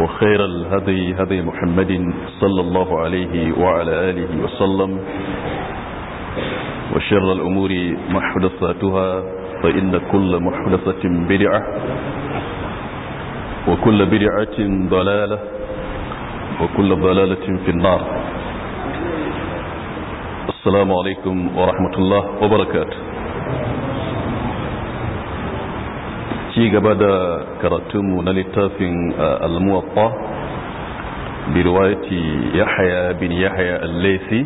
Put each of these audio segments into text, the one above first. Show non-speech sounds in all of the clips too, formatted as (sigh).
وخير الهدي هدي محمد صلى الله عليه وعلى آله وسلم وشر الأمور محدثاتها فإن كل محدثة بدعة وكل بدعة ضلالة وكل ضلالة في النار السلام عليكم ورحمة الله وبركاته ci gaba da karatunmu na littafin uh, al-muwatta bi riwayati yahya bin yahya al-laythi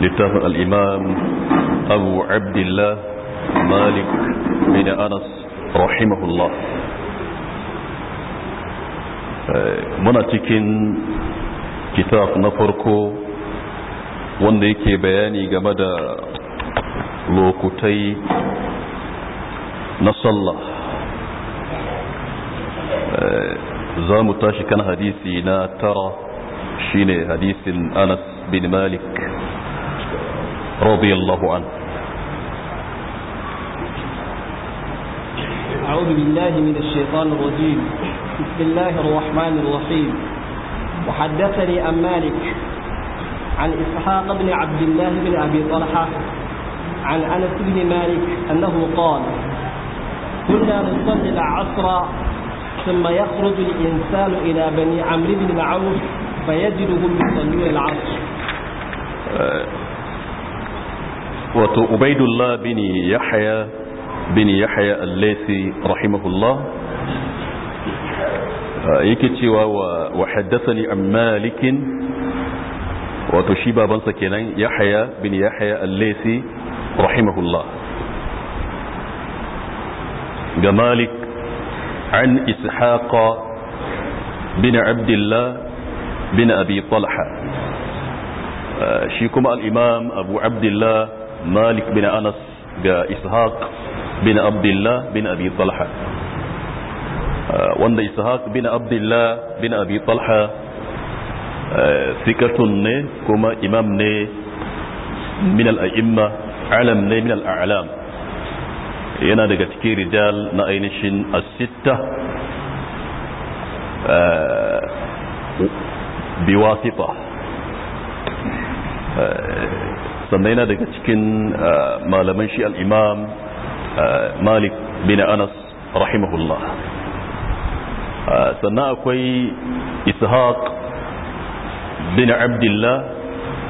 littafin al-imam abu abdullah malik bin anas rahimahullah uh, muna cikin kitab na farko wanda yake bayani game da lokutai نص الله za آه، mu كان حديثي لا ترى tara حديث أنس بن مالك رضي الله عنه أعوذ بالله من الشيطان الرجيم بسم الله الرحمن الرحيم وحدثني أم مالك عن إسحاق بن عبد الله بن أبي طلحة عن أنس بن مالك أنه قال كنا نصلي العصر ثم يخرج الإنسان إلى بني عمرو بن العوف فيجدهم يصلون العصر آه، وعبيد الله بن يحيى بن يحيى الليثي رحمه الله آه، يكتي وحدثني عن مالك وتشيب بن يحيى بن يحيى الليثي رحمه الله جمالك عن إسحاق بن عبد الله بن أبي طلحة آه، شيكم الإمام أبو عبد الله مالك بن أنس إسحاق بن عبد الله بن أبي طلحة آه، وأن إسحاق بن عبد الله بن أبي طلحة ثقة آه، كما إمام من الأئمة علم من الأعلام yana daga cikin rijal na ainihin asitta eh, biwasifa eh, sannan yana daga cikin eh, malaman shi al'imam malik bin anas rahimahullah sannan akwai ishaq bin abdullah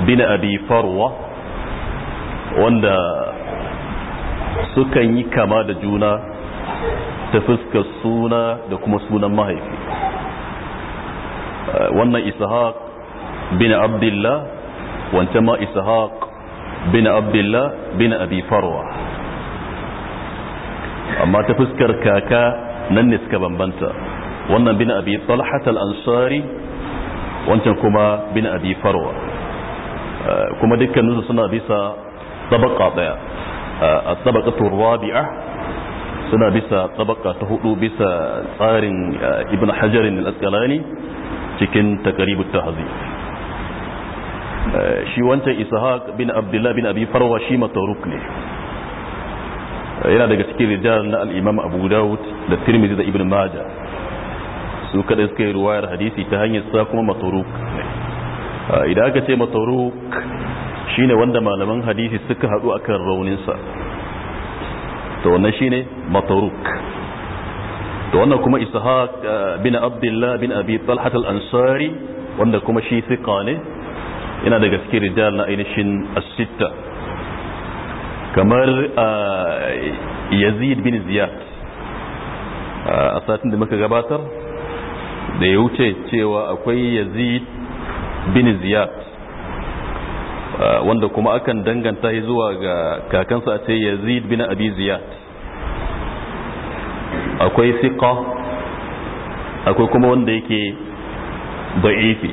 bin abi farwa wanda sukan yi kama da juna ta fuskar suna da kuma sunan mahaifi eh, wannan ishaq bin abdullah wancan ma ishaq bin abdullah bin abi farwa amma ta fuskar kaka nan ne suka bambanta wannan bin abi talhat al-ansari wancan kuma bin abi farwa eh, kuma dukkaninsu suna bisa tabaka daya الطبقة الرابعة suna bisa tsabaka ta hudu bisa tsarin ibn hajarin al-asqalani cikin taqribut tahzib shi wancan ishaq bin abdullah bin abi farwa shi mataruk ne yana daga cikin rijal na al-imam abu daud da tirmidhi da ibn maja su kada suka yi ruwayar hadisi ta hanyar sa kuma mataruk idan aka ce mataruk shine wanda malaman hadisi suka haɗu a kan rauninsa sa to wannan shine matruk to wannan kuma ishaq eh, bin abdullah bin abi talhat al-ansari wanda kuma shi thiqa ne yana daga cikin rijal na ainihin as kamar eh, yazid bin ziyad eh, a satin da muka gabatar da ya wuce cewa akwai yazid bin ziyad wanda kuma akan danganta shi zuwa ga kakansa a ce yazid bin abi ziyad akwai siqa akwai kuma wanda yake da'ifi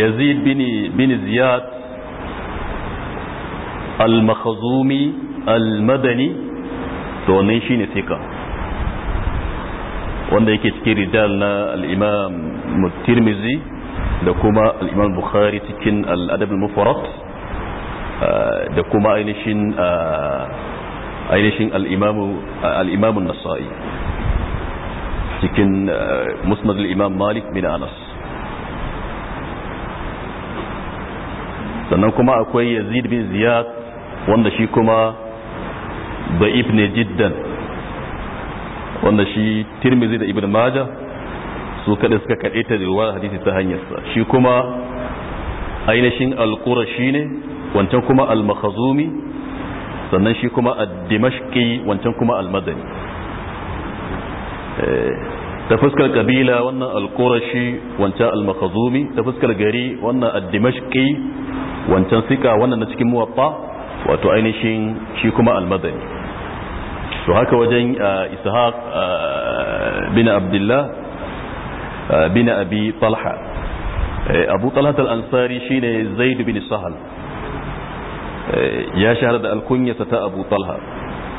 yazid bin ziyad al-makhzumi al-madani to wannan shine siqa wanda yake cikin rijal na al-imam tirmizi da kuma al'imam bukhari cikin al'adabin mufarat da kuma ainihin ainihin al'imamun nasa'i cikin musnad al'imam malik bin anas sannan kuma akwai yazid bin ziyad wanda shi kuma da ibn jiddan wanda shi tirmizi da ibn majah su kada suka kaɗe ta da ruwa hadisi ta hanyarsa shi kuma ainihin alƙurashi ne wancan kuma al-makhazumi sannan shi kuma addimashki wancan kuma al-madani. Eh, ta fuskar kabila wannan alƙurashi wancan al-makhazumi ta fuskar gari wannan addimashki wancan sika wannan na cikin muwatta wato ainihin shi kuma al-madani to haka wajen eh, ishaq eh, bin abdullah bin abi talha abu talha al-ansari shine zaid bin sahal ya shahara da alkunyarsa ta abu talha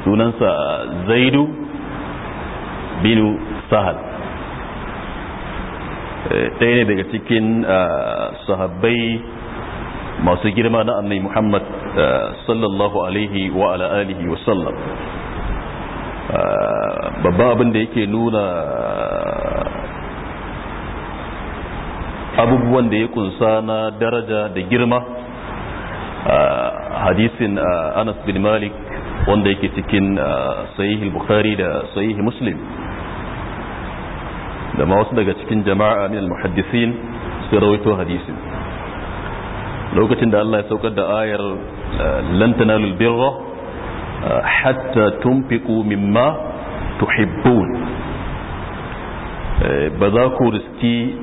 sunansa zaidu bin sahal ɗaya ne daga cikin sahabbai masu girma na annai muhammad sallallahu alaihi wa ala wa sallam babban abin da yake nuna abubuwan da ya kunsa na daraja da girma hadisin anas bin malik wanda yake cikin sahihi bukhari da sahihi muslim da ma wasu daga cikin jama'a min al-muhaddisin su rawaito hadisin lokacin da Allah ya saukar da ayar lan tanalul birra hatta tunfiqu mimma tuhibbun eh, ba za ku riski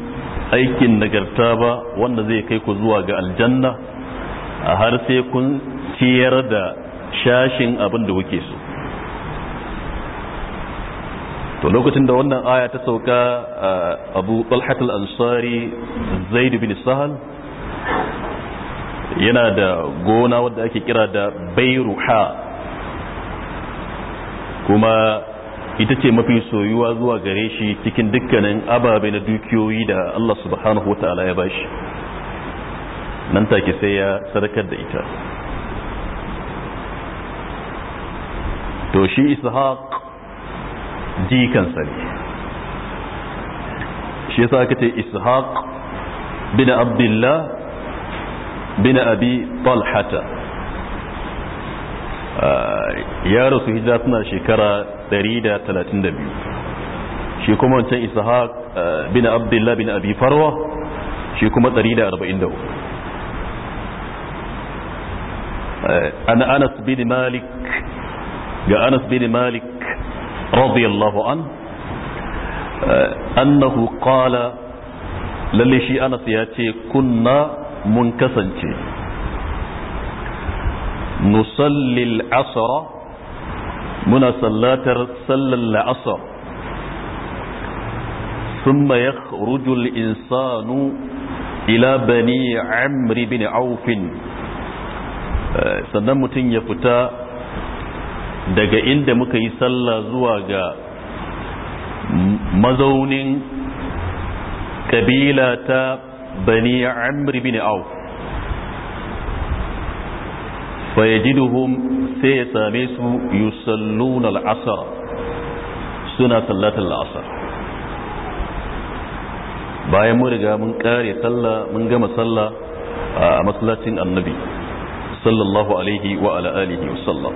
aikin nagarta ba wanda zai kai ku zuwa ga aljanna a har sai kun ciyar da shashin abin da kuke so to lokacin da wannan aya ta sauka abu talhat al-ansari zaid bin sahal yana da gona wanda ake kira da bairuha kuma ita ce mafi soyuwa zuwa gare shi cikin dukkanin ababe na dukiyoyi da Allah subhanahu wata'ala ya bashi nan take sai ya sadakar da ita to shi ishaq jikansa ne shi yasa aka ce ishaq bin abdullah bin abi talhata ah, ya rasu hijira suna shekara 132 shi kuma wancan ishaq eh, bin abdullah bin abi farwa shi kuma 143 eh, an anas bin malik ga anas bin malik radiyallahu an eh, annahu qala lalle shi anas ya ce kunna mun kasance nusallil asra muna sallatar sallar la'asar ثم يخرج الإنسان إلى بني عمرو بن عوف sannan mutum ya fita daga inda muka yi sallah zuwa ga mazaunin kabila ta bani amr bin auf fa yajiduhum sai ya same su yusalluna al-asr suna sallatul asr bayan mu riga mun kare sallah mun gama sallah a masallacin annabi sallallahu alaihi wa ala alihi wa sallam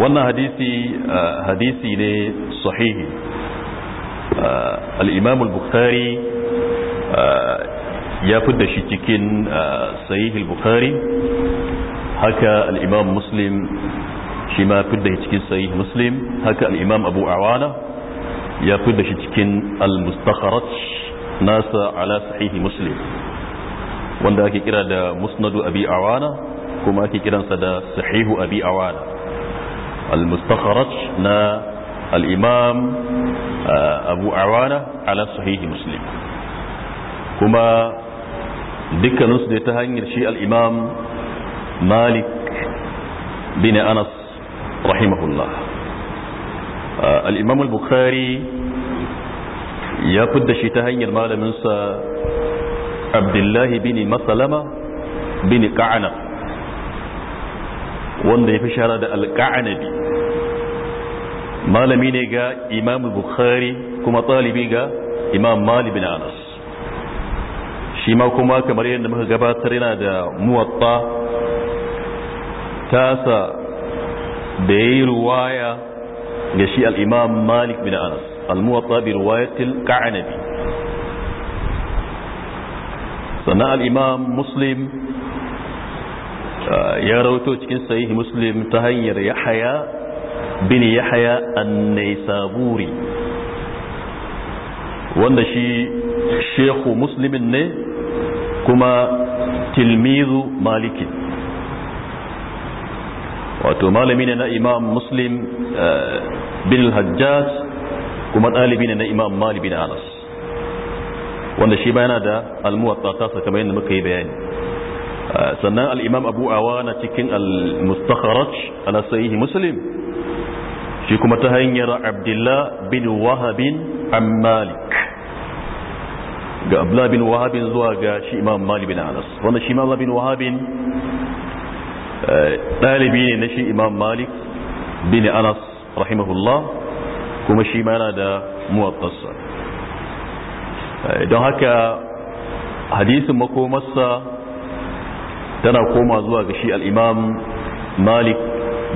wannan hadisi hadisi ne sahihi al-imam al-bukhari ya fidda shi cikin uh, sahihul bukhari haka al-imam muslim shi ma fidda shi cikin sahih muslim haka al-imam abu awana ya fidda shi cikin al-mustakharat nasa ala sahih muslim wanda ake kira da musnadu abi awana kuma ake kiransa da sahihu abi awana al-mustakharat na al-imam uh, abu awana ala sahih muslim kuma dukkaninsu ne ta hanyar shi al'imam malik bin anas rahimahullah ah, al'imam al-bukhari ya fidda shi ta hanyar malaminsa abdullahi bin masalama bin ka'ana wanda ya fi shara da al-ka'anabi malami ne ga imam bukhari kuma talibi ga imam malik bin anas shi ma kuma kamar yadda muka gabatar yana da muwatta tasa da ya yi ruwaya ga shi al'imam malik bin anas al-muwatta bi ruwayatil ka'anabi sannan al'imam muslim uh, ya rauto cikin sahihi muslim ta hanyar yahaya bin yahaya an buri wanda shi shehu muslimin ne kuma tilmizu maliki wato malami ne na imam muslim eh, bin hajjaj kuma ɗalibi ne na imam mali bin anas wanda shi bayana da almuwatta tasa kamar yadda muka yi bayani eh, sannan al'imam abu awana cikin al-mustakharaj ala sahihi muslim shi kuma ta hanyar abdullah bin wahabin an malik ga abla bin wahabin zuwa ga shi imam mali bin anas wanda shi imam bin wahabin ɗalibi ne na shi imam malik bin anas rahimahullah kuma shi ma yana da muwattasa don haka hadisin makomarsa tana koma zuwa ga shi al'imam malik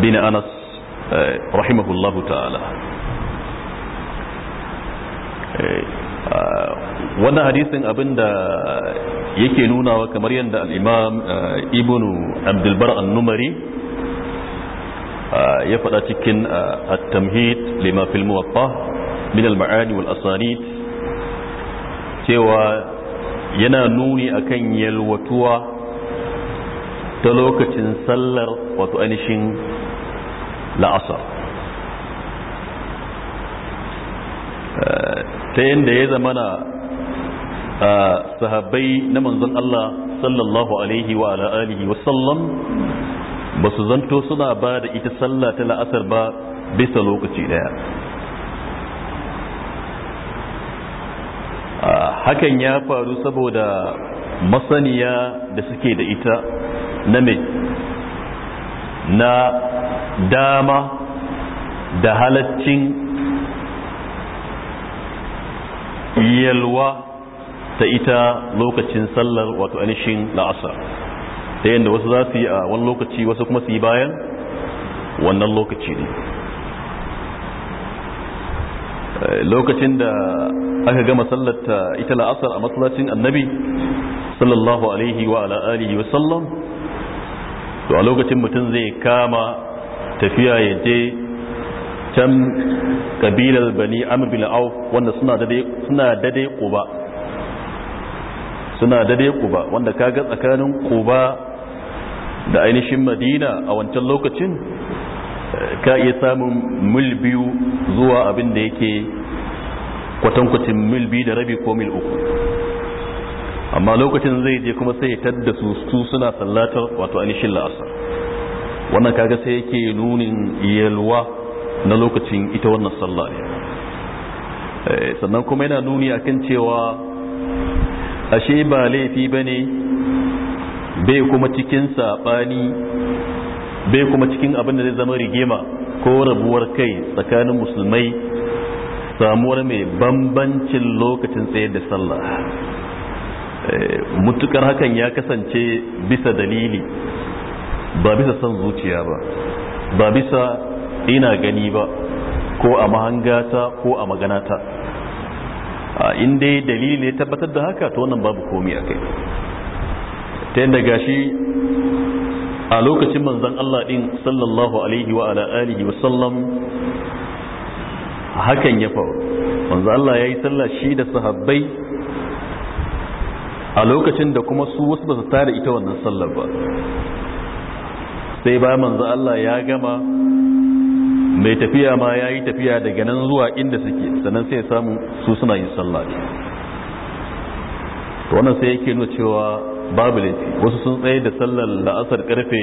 bin anas rahimahullahu ta'ala wannan hadisin abinda yake nunawa kamar yadda al'imam uh, ibnu abdulbar annumari uh, ya faɗa cikin uh, at-tamhid lima fil muwaffa min al-ma'ani wal asanid cewa yana nuni akan yalwatuwa ta lokacin sallar wato ainihin la'asar ta yadda ya zamana sahabbai na manzon Allah sallallahu alaihi wa ala alihi wa sallam ba su zanto suna ba da ita sallah ta la'asar ba bisa lokaci daya hakan ya faru saboda masaniya da suke da ita na mai na dama da halaccin yalwa ta ita lokacin sallar wato anishin la'asar ta yadda wasu za su yi a wani lokaci wasu kuma su yi bayan wannan lokaci ne eh, lokacin da aka gama sallar ta ita la'asar a masallacin annabi sallallahu alaihi wa ala wa sallam to a lokacin mutum zai kama tafiya ya je can kabilar bani amr bin auf wanda suna dade suna suna da dai kuba wanda kaga tsakanin kuba da ainihin madina a wancan lokacin eh, ka iya samun mil biyu zuwa abin da yake kwatankwacin mil biyu da rabi ko mil uku amma lokacin zai je kuma sai ya tadda su su suna sallatar wato ainihin la'asar wannan kaga sai yake nunin yalwa na lokacin ita wannan sallah ne eh, sannan kuma yana nuni a kan cewa ashe ba laifi bane ne bai kuma cikin saɓani bai kuma cikin abin da zai zama rigima ko rabuwar kai tsakanin musulmai samuwar mai bambancin lokacin tsayar da sallah eh, mutukar hakan ya kasance bisa dalili ba bisa son zuciya ba ba bisa ina gani ba ko a mahangata ko a maganata in dai dalili ne tabbatar da haka to wannan babu komi a kai ta yadda gashi a lokacin manzan Allah din sallallahu alaihi wa ala alihi wa sallam hakan ya faru manzan Allah ya yi sallah shi da sahabbai a lokacin da kuma su wasu ba su tare ita wannan sallar ba sai bayan manzan Allah ya gama mai tafiya ma ya yi tafiya daga nan zuwa inda suke sannan sai samu su suna yin sallah to wannan sai yake nuna cewa babu laifi wasu sun tsaye da sallar la'asar karfe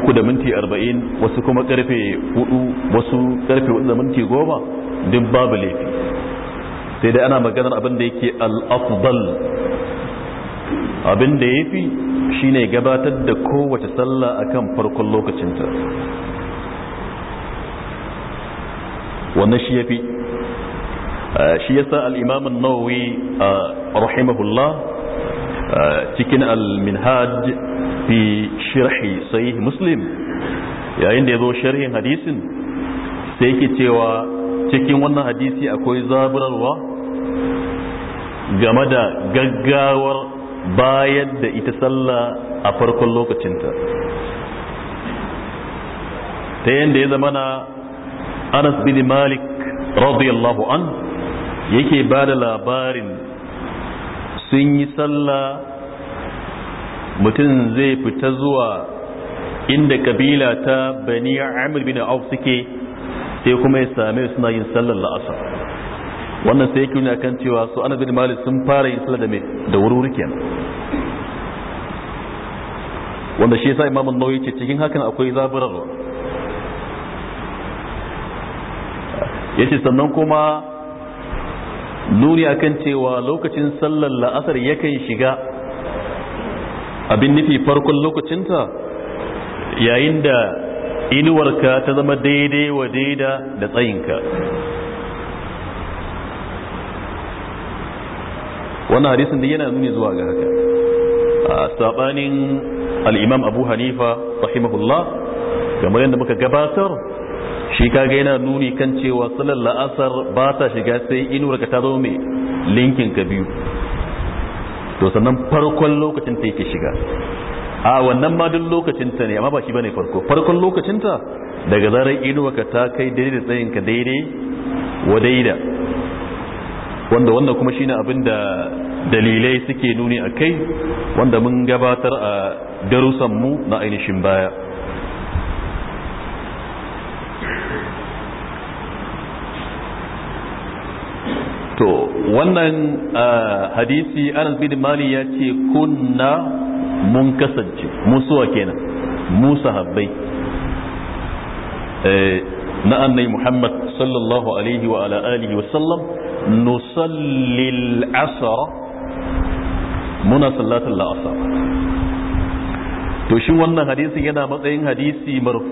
uku da minti arba'in wasu kuma karfe hudu wasu karfe hudu da minti goma duk babu laifi sai dai ana maganar abin da yake al-afdal abin da ya fi shine gabatar da kowace sallah akan farkon lokacinta wannan shi yafi eh, shi yasa al-imam an-nawawi eh, rahimahullah eh, cikin al-minhaj fi sharhi sahih muslim yayin da yazo sharhin hadisin sai yake cewa cikin wannan hadisi akwai zaburarwa game da gaggawar bayar da ita sallah a farkon lokacinta ta yadda ya zama na anas bin malik radiyallahu an yake ba da labarin sun yi sallah mutum zai fita zuwa inda kabila ta bani amir bin auf suke sai kuma ya same suna yin sallar la'asar wannan sai yake nuna kan cewa su anas bin malik sun fara yin sallar da mai da wuri kenan wanda shi yasa imamu nauyi ce cikin hakan akwai zaburarwa ya ce sannan kuma nuni akan cewa lokacin sallar la'asar yakan shiga abin nufi farkon lokacinta yayin da inuwarka ta zama daidai wa daida da tsayinka wannan hadisin da yana nuni zuwa ga haka a sabanin al'imam abu hanifa rahimahullah kamar yadda muka gabatar shi kaga yana nuni kan cewa salar la'asar ba ta shiga sai inuwar ka ta zo mai linkin ka biyu to sannan farkon lokacin ta yake shiga a wannan ma duk lokacin ta ne amma ba shi bane farko farkon lokacin ta daga zarar inuwar ka ta kai daidai da tsayin ka daidai wa daida wanda wannan kuma shine abin da dalilai suke nuni a kai wanda mun gabatar a darusan mu na ainihin baya to wannan hadisi anas bin mali ya ce kunna mun kasance musuwa kenan musa sahabbai eh, na annai muhammad sallallahu alaihi wa ala alihi wa sallam nusallil asr muna sallatul asr to shi wannan hadisi yana matsayin hadisi marfu'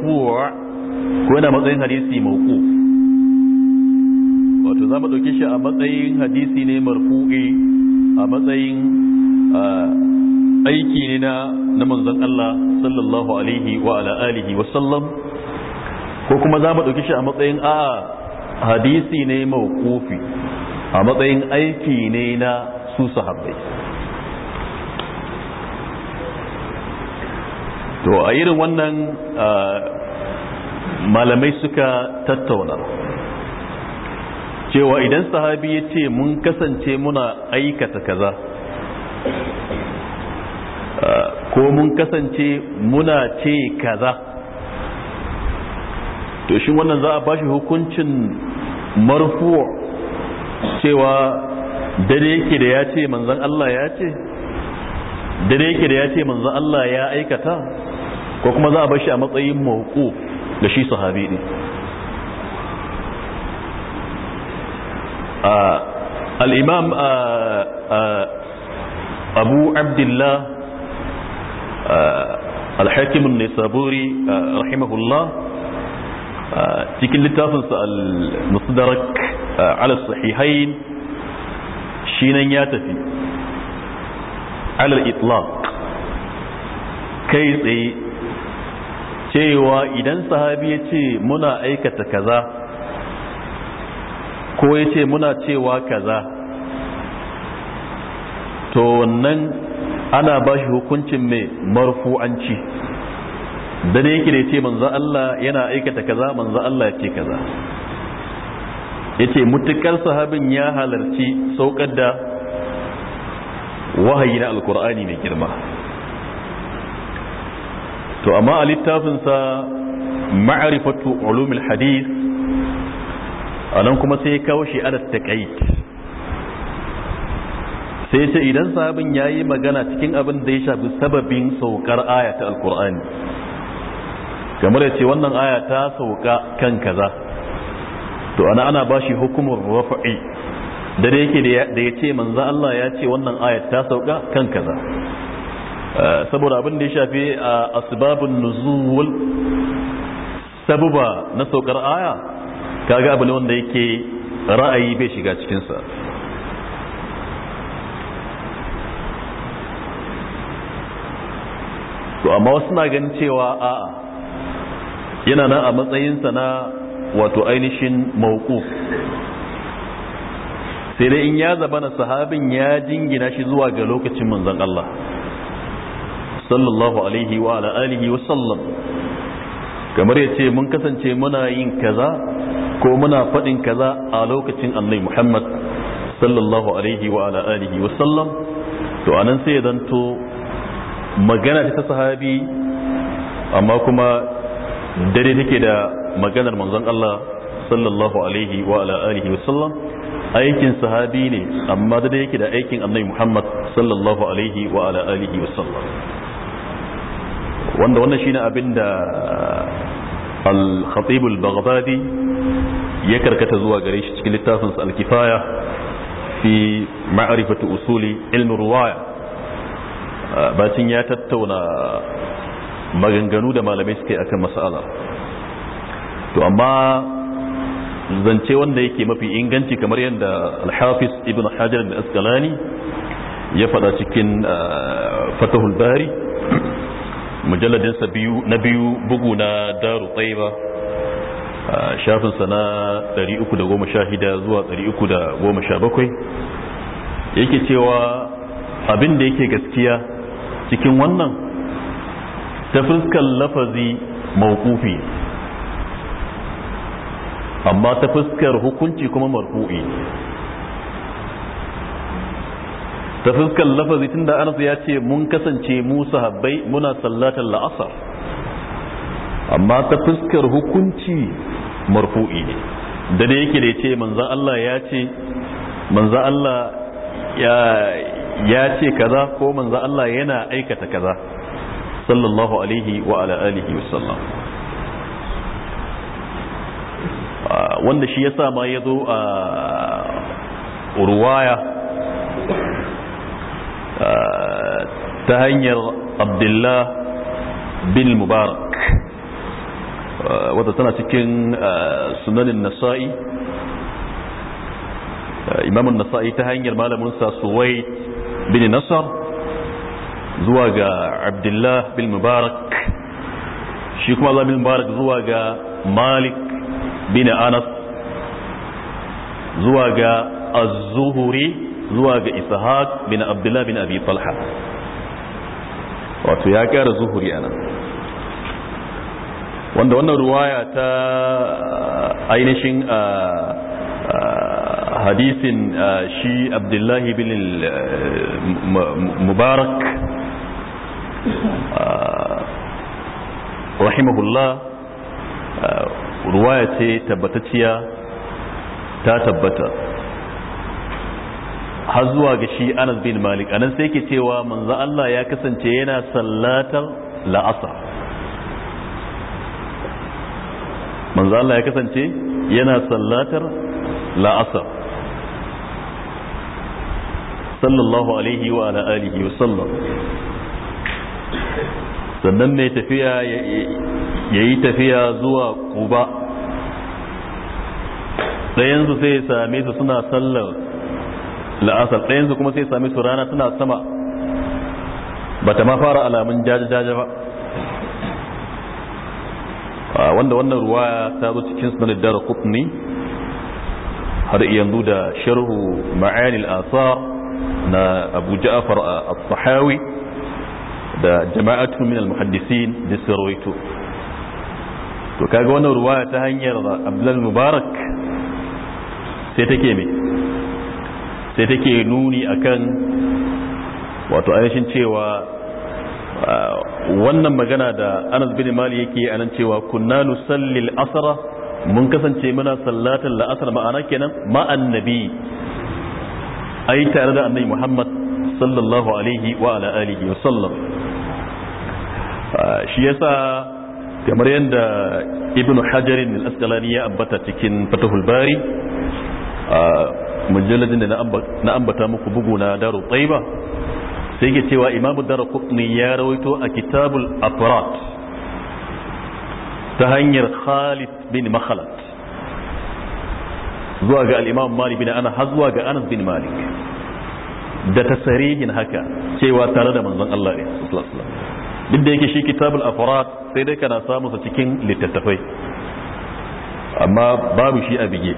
ko yana matsayin hadisi mawquf to za mu ɗauki shi a matsayin hadisi ne marfu'i a matsayin aiki ne na na manzon Allah sallallahu alaihi wa ala alihi wa sallam ko kuma za mu ɗauki shi a matsayin a hadisi ne mawqufi a matsayin aiki ne na su sahabbai to a irin wannan malamai suka tattauna cewa idan sahabi ya ce mun kasance muna aikata kaza ko mun kasance muna ce kaza to shi wannan za a bashi hukuncin marfuwa cewa dare yake da ya ce manzan Allah ya ce dare yake da ya ce manzan Allah ya aikata ko kuma za a shi a matsayin mawuku da shi sahabi ne al'imam abu abdullah alhakimun nisaburi rahimahullah cikin littafinsa al-musdarak ala sahihain shi nan ya tafi alal itlaq kai tsaye cewa idan sahabi ya ce muna aikata kaza ko ya ce muna cewa kaza to wannan ana ba shi hukuncin mai marfu'anci da ne yake da ya ce manzo Allah yana aikata kaza manzo Allah ya ce kaza ya ce mutukar sahabin ya halarci saukar da wahayi na alkur'ani mai girma to amma a littafinsa ma'arifatu ulumul hadith anan kuma sai ya kawo shi ala taqayit sai ce idan ya yayi magana cikin abin da ya shafi sababin saukar aya ta alqur'ani kamar ce wannan aya ta sauka kan kaza to ana ana bashi hukumar rafa'i da yake da ya ce manzo Allah ya ce wannan aya ta sauka kan kaza eh, saboda abin da ya shafi eh, asbabun nuzul sabuba na saukar aya kaga abu ne wanda yake ra'ayi bai shiga cikinsa to amma wasu na ganin cewa a'a yana nan a matsayinsa na wato ainihin mawquf sai dai in ya zaba na sahabin ya jingina shi zuwa ga lokacin manzon Allah sallallahu alaihi wa ala alihi wa sallam kamar ya ce mun kasance muna yin kaza ko muna faɗin kaza a lokacin annai muhammad sallallahu alaihi wa ala alihi wa sallam to anan sai zanto magana ta sahabi amma kuma dare take da maganar manzon Allah sallallahu alaihi wa ala alihi wa sallam aikin sahabi ne amma dare yake da aikin annai muhammad sallallahu alaihi wa ala alihi wa sallam wanda wannan shine abin da al-khatib ya karkata zuwa gare shi cikin littafin sa al-kifaya fi ma'rifatu usuli ilmi ruwaya bacin ya tattauna maganganu da malamai suka yi akan mas'ala to amma zance wanda yake mafi inganci kamar yadda al-hafiz ibn hajar al-asqalani ya faɗa cikin eh, fatahul bari mujalladinsa biyu na biyu bugu na daru tsaiba shafinsa na 316 zuwa 317 yake cewa abin da yake gaskiya cikin wannan ta fuskar lafazi mawkufi amma ta fuskar hukunci kuma marfu'i ta fuskar lafazi tun da ya ce mun kasance mu sahabbai muna sallatar la'asar amma ta fuskar hukunci marfu'i ne da ne yake da ya ce manzan Allah ya ce manzan Allah ya ce kaza ko manzan Allah yana aikata kaza sallallahu alaihi wa ala alihi wasallam wanda shi ya sa ma ya zo a urwaya ta hanyar abdullah bin mubarak wadda tana cikin sunanin nasa'i imamun nasa'i ta hanyar malaminsa suwai bin nasar zuwa ga abdullah bin mubarak shi kuma Allah bin mubarak zuwa ga malik bin anas zuwa ga az-zuhuri zuwa ga ishaq bin abdullah bin abi talha wato ya kara zuhuri anan wanda wannan ruwaya ta uh, ainihin uh, uh, hadisin shi abdullahi bin mubarak rahimahullah ruwaya ce tabbatacciya ta tabbata har zuwa ga shi anas bin malik anan sai ke cewa manzo Allah ya kasance yana sallatar la'asar manzo Allah ya kasance yana sallatar la'asar sallallahu alaihi wa ala alihi wa sallam sannan mai tafiya ya yi tafiya zuwa kuba ɗayansu sai ya same su suna sallar la'asar ɗayansu kuma sai sami su rana suna sama bata ma fara alamun jajajaja ba ah, wanda wannan ruwa ta zo cikin sunanin dara kutni har yanzu da sharhu ma'anil asar na abu ja'afar al-sahawi da jama'atu min al-muhaddisin da sarwaito to kaga wannan ruwa ta hanyar abdullal mubarak sai take mai sai take nuni akan wato ainihin cewa wannan magana da anas bin mali yake anan cewa kunna nusalli al-asra mun kasance muna sallatan la'asar ma'ana kenan ma'anabi nabi ai tare da annabi muhammad sallallahu alaihi wa ala alihi wa sallam shi yasa kamar yadda ibn hajarin al-asqalani ya ambata cikin fatahul bari mujalladin da na ambata muku bugu na daru tsaiba sai ke cewa imamu daru kutni ya rawaito a kitabul afirat ta hanyar khalid bin makhalat zuwa ga al'imam malik bin ana har zuwa ga anas bin malik da ta tasarihin haka cewa tare da manzon Allah ne duk da yake shi kitabul afirat sai dai kana samun samunsa cikin littattafai amma babu shi a bige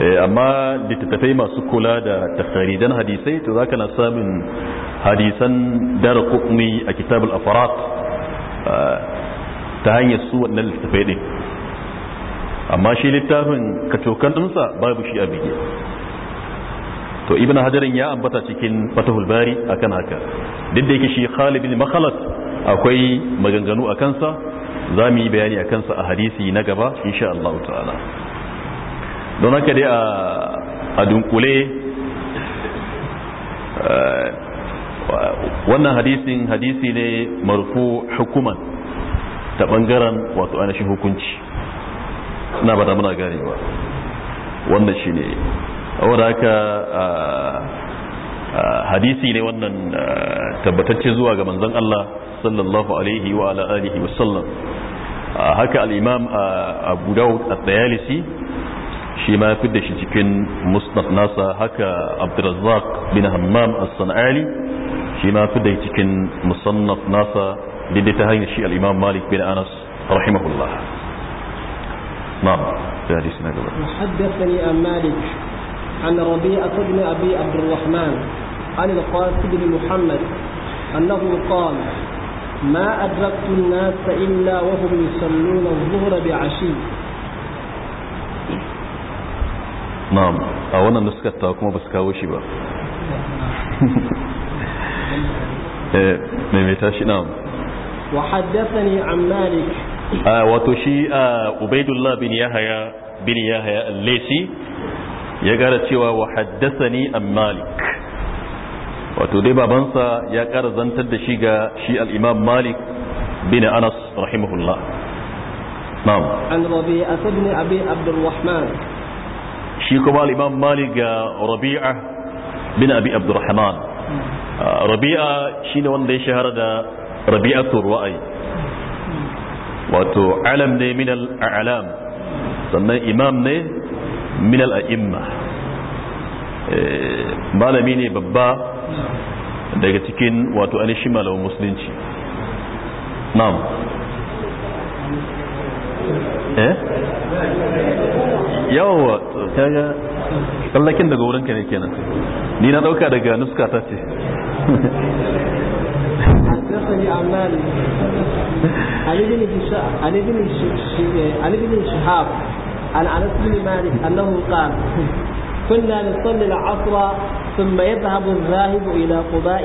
Eh, amma littattafai masu kula da tafaridan hadisai to zaka na samun hadisan dara kukumi a kitabul afarat eh, ta hanyar su wannan littattafai din amma shi littafin kacokan dinsa babu shi a bige to ibn hajarin ya ambata cikin fatahul bari akan haka duk da yake shi khalid makhalat akwai maganganu a kansa za mu yi bayani a kansa a hadisi na gaba insha Allah ta'ala don haka dai a dunkule eh, wannan hadisin hadisi ne marfu hukuman ta bangaren wato ainihin hukunci na ba da muna ganewa wannan shi ne wadda haka eh, eh, hadisi ne wannan tabbatacce zuwa ga manzon Allah sallallahu alaihi wa ala alihi wasallam haka al'imam a Abu a at shi ma ya fidda shi cikin musnad nasa haka abdurazzaq bin hammam as sanali shi ma fidda shi cikin musannaf nasa didda ta hanyar shi al-imam malik bin anas rahimahullah na'am da hadisi na gaba muhaddathani an malik an rabi'a ibn abi abdurrahman an al-qasim bin muhammad annahu qala ما أدركت الناس إلا وهم يصلون الظهر بعشي na'am a wannan nuskar ta kuma ba su kawo shi ba mai (laughs) eh, mai tashi na'am wa haddathani an malik ah, wato shi ah, ubaidullah bin yahaya bin yahaya al-laisi ya gara cewa wa haddathani an malik wato dai babansa ya kara zantar da shi ga shi al-imam malik bin anas rahimahullah na'am an rabi'a ibn abi abdurrahman shi kuma al malik ga rabi'a bin abi abdurrahman hmm. ah, rabi'a ne wanda ya shahara da rabi'a turwa'ai wato alam ne min al-a'lam sannan imam ne min al-a'imma eh, malami ne babba daga cikin wato anishi malamin musulunci na'am eh yawa kaga tsallakin daga wurinka ne kenan ni na dauka daga nuska ta ce عن ابن بن مالك انه قال كنا نصلي العصر ثم يذهب الذاهب إلى قباء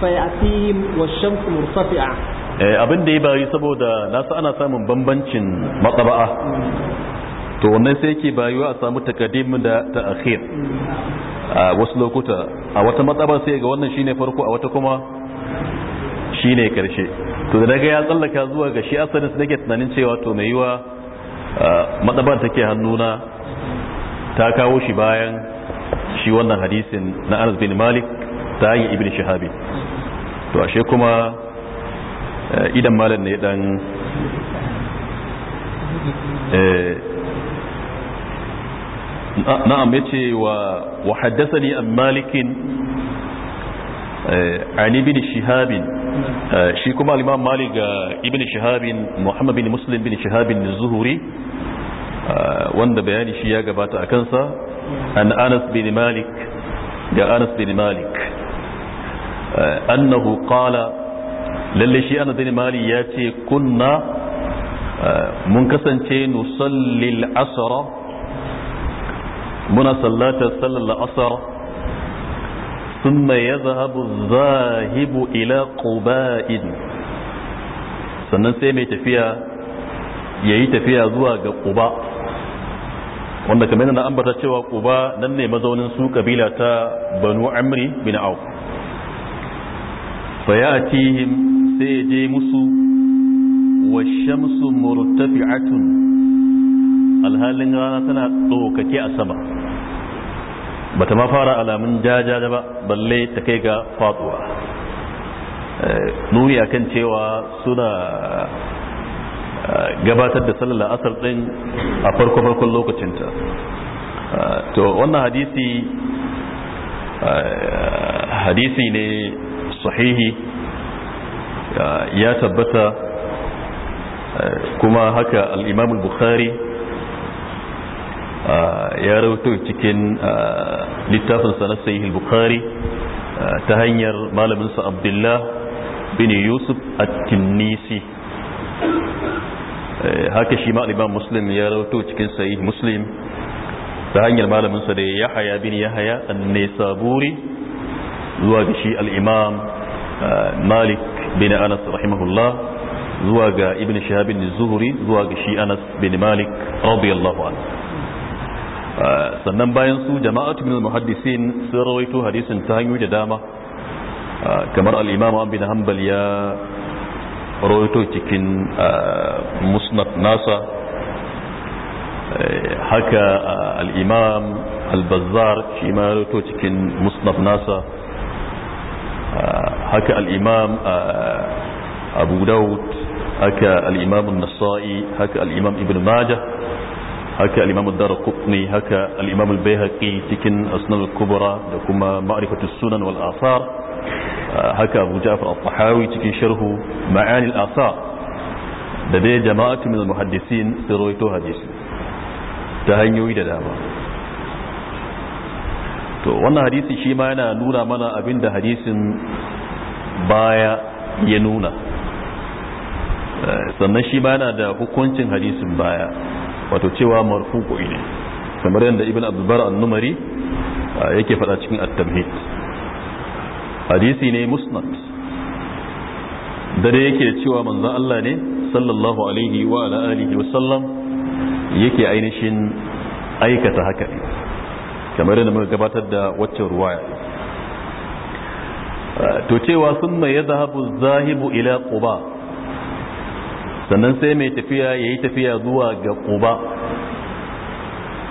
فيأتيهم والشمس مرتفعه أبن دي باري bayi saboda na sa ana samun bambancin to wannan sai yake bayuwa a samu takadim da ta a wasu lokuta a wata matsaba sai ga wannan shine farko a wata kuma shine karshe to da daga ya tsallaka zuwa ga shi asalin nake tunanin cewa to mai yiwa matsabar take hannuna ta kawo shi bayan shi wannan hadisin na Anas bin Malik ta yi ibn Shahabi to ashe kuma eh, idan malam ne dan eh, نعم يتي وحدثني عن مالك آه، عن ابن الشهاب آه، شيكم الإمام مالك آه، ابن الشهاب محمد بن مسلم بن الشهاب الزهري وان بيان شيا غبات اكنسا ان انس بن مالك يا انس بن مالك انه قال للي شي بن بني مالي ياتي كنا منكسنتين نصلي العصر muna sallatar sallar la'asar ثم يذهب zahibu إلى قباء sannan sai mai tafiya ya yi tafiya zuwa ga ƙuba wanda kamar yana ambata cewa ƙuba nan ne mazaunin su kabila ta banu amri bin a fayatihim sai je musu wa shamsu murtafi'atun alhalin rana tana tsokake a sama bata ma fara alamun jaja ba balle ta kai ga faduwa eh, nuni akan cewa suna eh, gabatar da sallar asar din a farko farkon lokacinta eh, to wannan hadisi hadisi ne sahihi ya tabbata kuma haka al-imam al-bukhari ya rawato cikin littafin sa na sahih bukhari ta hanyar malamin sa abdullah bin yusuf at-tinnisi haka shi ma imam muslim ya rawato cikin sahih muslim ta hanyar malamin sa da yahaya bin yahaya an-nisaburi zuwa ga shi al-imam malik bin anas rahimahullah zuwa ga ibn shahab bin zuhri zuwa ga shi anas bin malik radiyallahu anhu sannan bayan su jama'atu min al muhaddisin sun rawaito hadisin ta hanyoyi da dama kamar al-imam bin hanbal ya rawaito cikin musnad nasa haka al-imam al-bazzar shi ma rawaito cikin musnad nasa haka al-imam abu daud haka al-imam an-nasa'i haka al-imam ibn majah haka al-imam ad haka al al-baihaqi cikin asnan kubra da kuma ma'rifatu sunan wal'asar ah, haka abu ja'far al-tahawi cikin sharhu ma'ani asar da dai jama'atu min al-muhaddisin sirwaito hadisi ta hanyoyi da dama to wannan hadisi shi ma yana nuna mana abinda hadisin baya ya nuna eh, sannan shi ma yana da hukuncin hadisin baya wato cewa marfuku ne kamar yadda ibn abdulbar annumari yake faɗa cikin at hadisi ne musnad dare yake cewa manzon Allah ne sallallahu alaihi wa ala wa sallam yake ainihin aikata haka kamar yadda muka gabatar da waccan ruwaya to cewa sun mai ya zahabu zahibu ila quba sannan sai mai tafiya ya yi tafiya zuwa ga ƙuba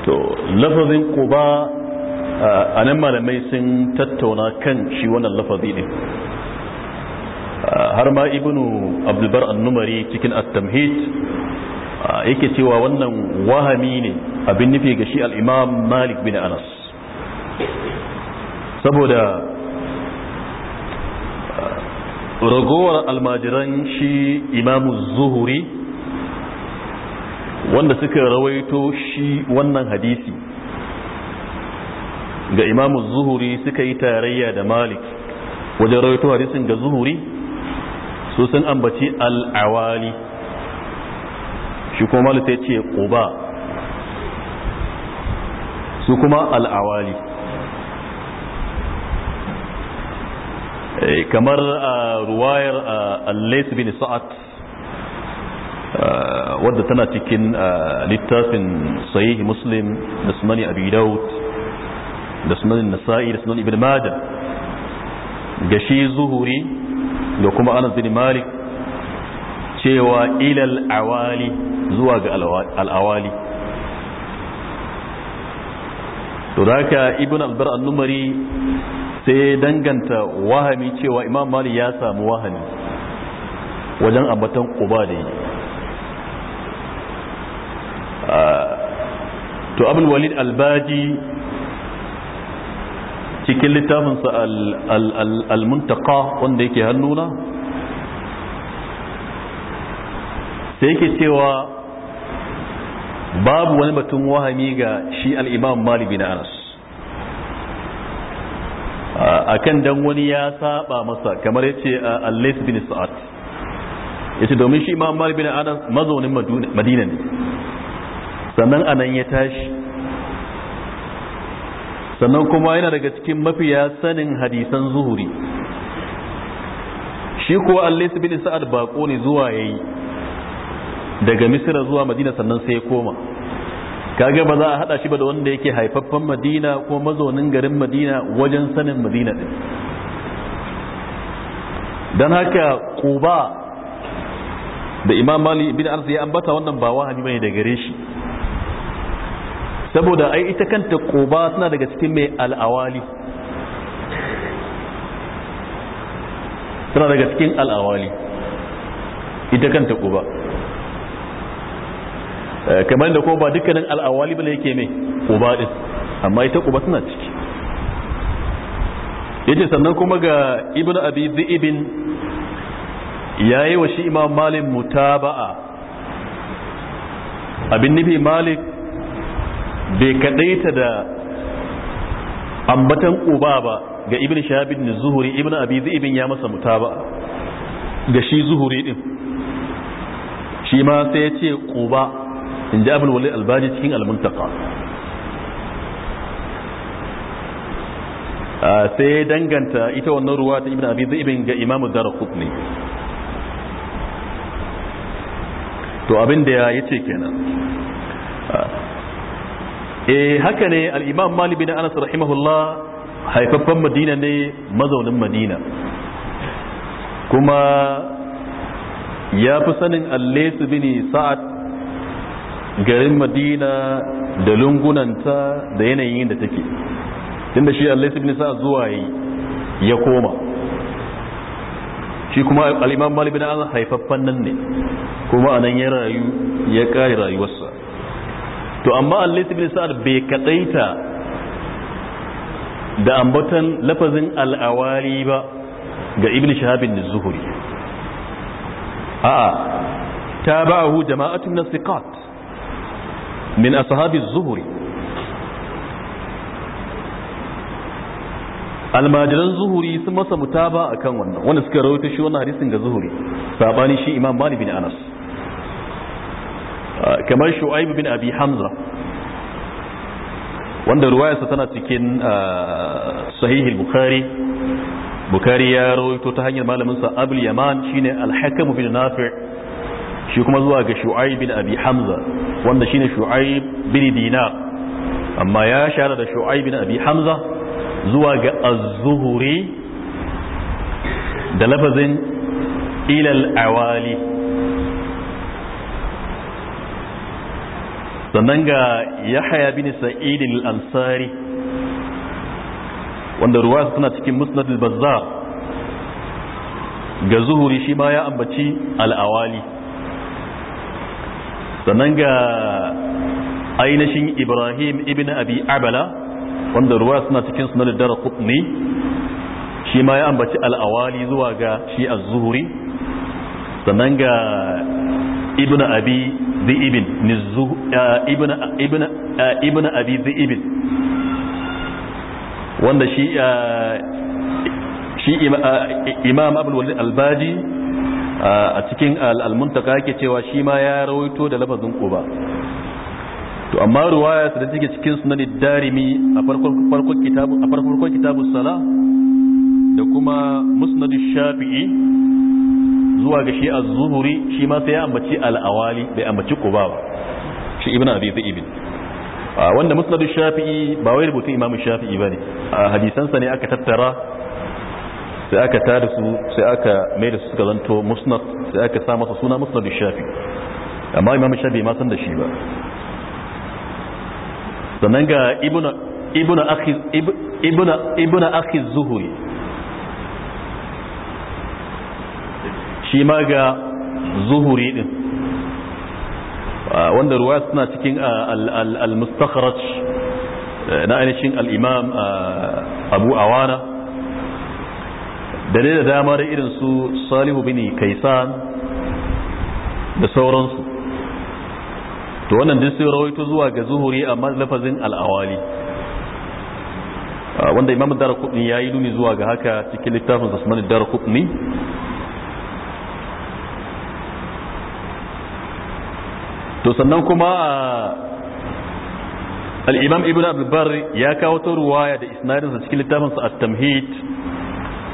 to lafazin ƙuba a nan malamai sun tattauna kan shi wannan lafazi ne har ma ibnu abdulbar annumari cikin at-tamhid yake cewa wannan wahami ne abin nufi ga shi al-imam malik bin anas saboda ragowar almajiran shi imamu zuhuri wanda suka rawaito shi wannan hadisi ga imamu zuhuri suka yi tarayya da malik wajen rawaito hadisin ga zuhuri su sun ambaci al'awali shi kuma malik ya ce ƙuba su kuma al'awali Eh, kamar a ruwayar allais bin sa'ad wadda tana cikin littafin sahihi muslim da sunani abi daud da sunanin nasa'i da sunan ibn majah Gashi zuhuri da kuma anas bin malik cewa ilal awali zuwa ga al'awali to da haka ibn albar al-numari sai danganta wahami cewa imam malik ya samu wahami wajen ambatan kuba da yi ah, to abin walid albaji cikin littafinsa al-muntaka wanda yake hannuna sai yake cewa babu wani batun wahami ga shi al-imam malik bin anas akan dan wani ya saba masa kamar yace Allais bin Sa'ad yace domin shi Imam Malik bin Anas mazaunin Madina ne sannan anan ya tashi sannan kuma yana daga cikin mafiya sanin hadisan zuhuri shi kuwa Allais bin Sa'ad bako ne zuwa yayi daga Misra zuwa Madina sannan sai ya koma kaga ba za a hada shi ba da wanda yake haifaffen madina ko mazaunin garin madina wajen sanin madina din don haka kuba da imam mali bin arzi ya ambata wannan ba wahani bane da gare shi saboda ai ita kanta kuba suna daga cikin mai al'awali suna daga cikin al'awali ita kanta kuba Eh, kamar da ko ba dukkanin al'awali ne yake mai uba din amma ita uba suna ciki yace sannan kuma ga ibn abi dhi'bin yayi wa shi imam malik mutaba'a abin nufi malik bai kadaita da ambatan uba ba ga ibn shahabin zuhuri ibn abi dhi'bin ya masa mutaba'a ga shi zuhuri din shi ma sai ya ce quba in ji abul wali albani cikin almuntaka ah, sai danganta ita wannan ruwa ta ibn abi zaibin ga imamu dara kufne. to abin da ya ce kenan E, haka ne al'imam malibi na anas rahimahullah haifaffen madina ne mazaunin madina kuma ya fi sanin allesu bini sa'ad garin madina da lungunanta da yanayin da take tun da shi a ibn sa'ad zuwa yi ya koma shi kuma aliman malibin an haifaffen nan ne kuma anan ya rayu ya kare rayuwarsa to amma allai ibn sa'ad bai kadaita da ambatan lafazin al'awari ba ga ibn shahabin da zuhuri a'a ta ba'ahu jama'atun nasiqat من أصحاب الزهري almajiran zuhuri sun masa mutaba akan wannan wanda suka rawaito shi wannan hadisin ga zuhuri sabani shi imam malik bin anas kamar shu'aib bin abi hamza wanda ruwayarsa tana cikin sahihul bukhari bukhari ya rawaito ta hanyar malamin sa abul yaman shine al-hakim bin nafi' shi kuma zuwa ga shu'aib bin abi hamza wanda shine shu'aib bin dina amma ya shara da shu'aib bin abi hamza zuwa ga az-zuhri da lafazin ila al-awali sannan ga yahya bin sa'id al-ansari wanda ruwa suna cikin musnad al-bazzar ga zuhuri shi ma ya ambaci al-awali sannan ga ainihin ibrahim ibn abi abala wanda ruwa suna cikin sunan da kutni shi ma ya ambaci al'awali zuwa ga shi a zuhuri sannan ga ibn abi nizu ibn abi zibin wanda shi imam al baji a cikin al-muntaka yake cewa shi ma ya rawaito da lafazin quba to amma ruwaya da take cikin sunan darimi a farkon farkon kitabu a farkon kitabu sala da kuma musnad shafi'i zuwa ga shi az-zuhri shi ma sai ya ambaci al-awali bai ambaci quba ba shi ibnu abi Ibin. wanda musnad shafi'i ba wai rubutun imamu shafi'i bane hadisansa ne aka tattara sai aka tada su sai aka mai da su suka zanto musnad sai aka sa masa suna musnad shafi amma imam shafi ma san da shi ba sannan ga ibnu ibnu akhi zuhuri shi ma ga zuhuri din ah, wanda ruwa suna cikin ah, al mustakharaj eh, na ainihin al-imam ah, abu awana da da dama da irin su salihu bin kaisan da sauransu to wannan duk sai rawaito zuwa ga zuhuri a lafazin al'awali wanda imam dara kudni ya yi nuni zuwa ga haka cikin littafin zasmanin dara kudni to sannan kuma al'imam ibn abdulbar ya kawo ta ruwaya da isnadinsa cikin littafinsa a tamhid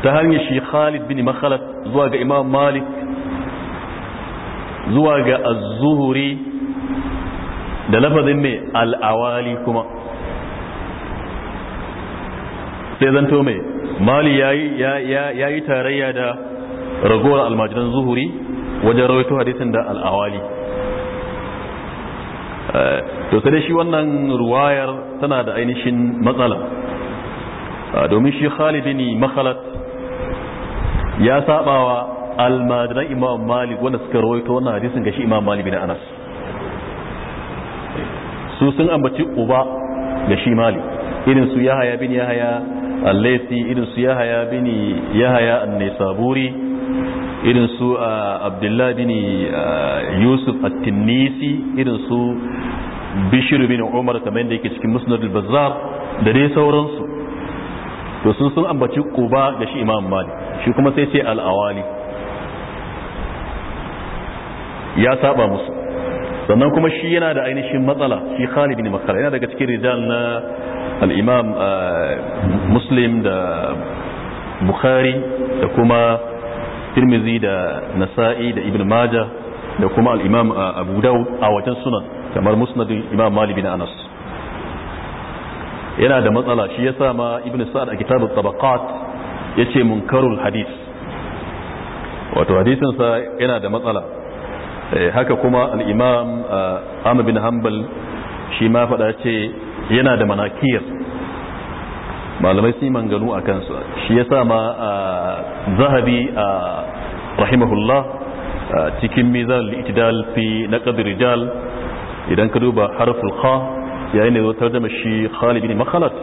ta hanyar shi khalid bin makhalat zuwa ga imam malik zuwa ga az-zuhri da lafazin mai al'awali kuma sai zanto mai mali ya yi tarayya da ragowar almajiran zuhuri wajen rawaito hadisin da al'awali eh, to sai shi wannan ruwayar tana da ainihin matsala ah, domin shi khalidini makhalat ya sabawa almadiran imam malik wanda suka rawaito wannan hadisin gashi imam malik bin anas su sun ambaci uba ga shi malik irin su yahaya bin yahaya allaisi irin su yahaya bin yahaya an-nisaburi irin su abdullah bin yusuf at-tinnisi irin su bishir bin umar kamar yadda yake cikin musnad al-bazzar da dai sauransu to sun sun ambaci quba da shi imam malik shi kuma sai ce al'awali ya saba musu sannan kuma shi yana da ainihin matsala shi khalid bin makara yana daga cikin rijal na al'imam uh, muslim da bukhari da kuma tirmizi da nasa'i da ibn majah da kuma al'imam uh, abu dawud a wajen sunan kamar musnad imam malik bin anas yana da matsala shi sa ma ibn sa'ad a kitabut tabaqat yace munkarul hadis. wato hadisin sa yana da matsala eh, haka kuma al-imam eh, Ahmad bin Hanbal shi ma faɗa ce yana da manakiyar. malamai sun manganu a kansu shi yasa ma eh, zahabi rahimahullah cikin mizan al fi naqd rijal idan ka duba harful kha yayin da zo ma shi Khalid ne Makhalat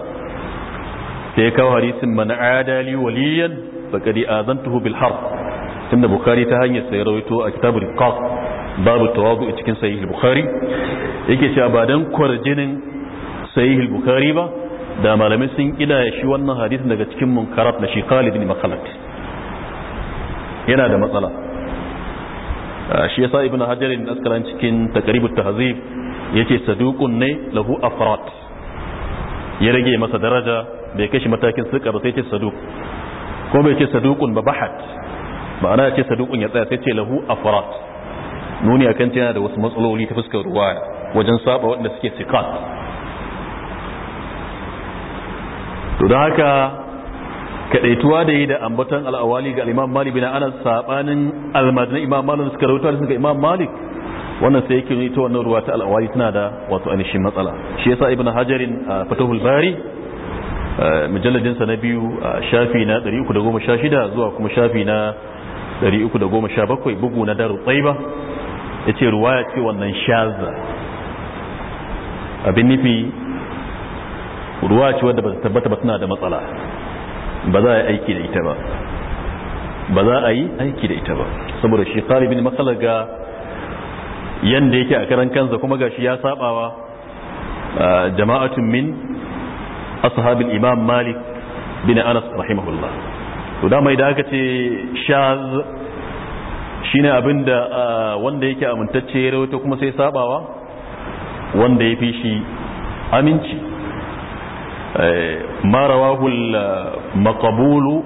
ya kawo hadisin man adali waliyan faqad azantuhu bil harb tunda Bukhari ta hanyar sai rawaito a kitabul Qaq babu tawadu cikin sahih Bukhari yake cewa ba dan kwarjinin sahih Bukhari ba da malamai sun kidaya shi wannan hadisin daga cikin munkarat na shi Khalid ne Makhalat yana da matsala shi yasa ibnu hajar bin askaran cikin taqribut tahzib Ya yace saduqun ne lahu afrat ya rage masa daraja bai kashi matakin suka ba sai ce saduq ko bai ce saduqun ba bahat ana ce saduqun ya tsaya sai ce lahu afrat nuni akan cewa da wasu matsaloli ta fuskar ruwaya wajen saba waɗanda suke sikat to don haka kadaituwa da yi da ambatan al'awali ga imam malik bin anas sabanin almadina imam malik suka rawaito da suka imam malik wannan sai yake ita wannan ruwa ta al'awari tana da wato ainihin matsala shi yasa ibn hajarin a fatahul bari mujalladin na biyu shafi na 316 zuwa kuma shafi na 317 bugu na daru tsaiba yace ruwaya ce wannan shaza abin nufi ruwa ce wadda ba ta tabbata ba tana da matsala ba za a yi aiki da ita ba ba za a yi aiki da ita ba saboda shi qalibin matsala ga yanda yake a karan kansa kuma gashi ya sabawa jama'atun min ashabul imam malik bin anas rahimahullah to da mai da aka ce shaz shine abinda wanda yake amintacce ya rawaito kuma sai sabawa wanda ya fi shi aminci ma rawahu maqbulu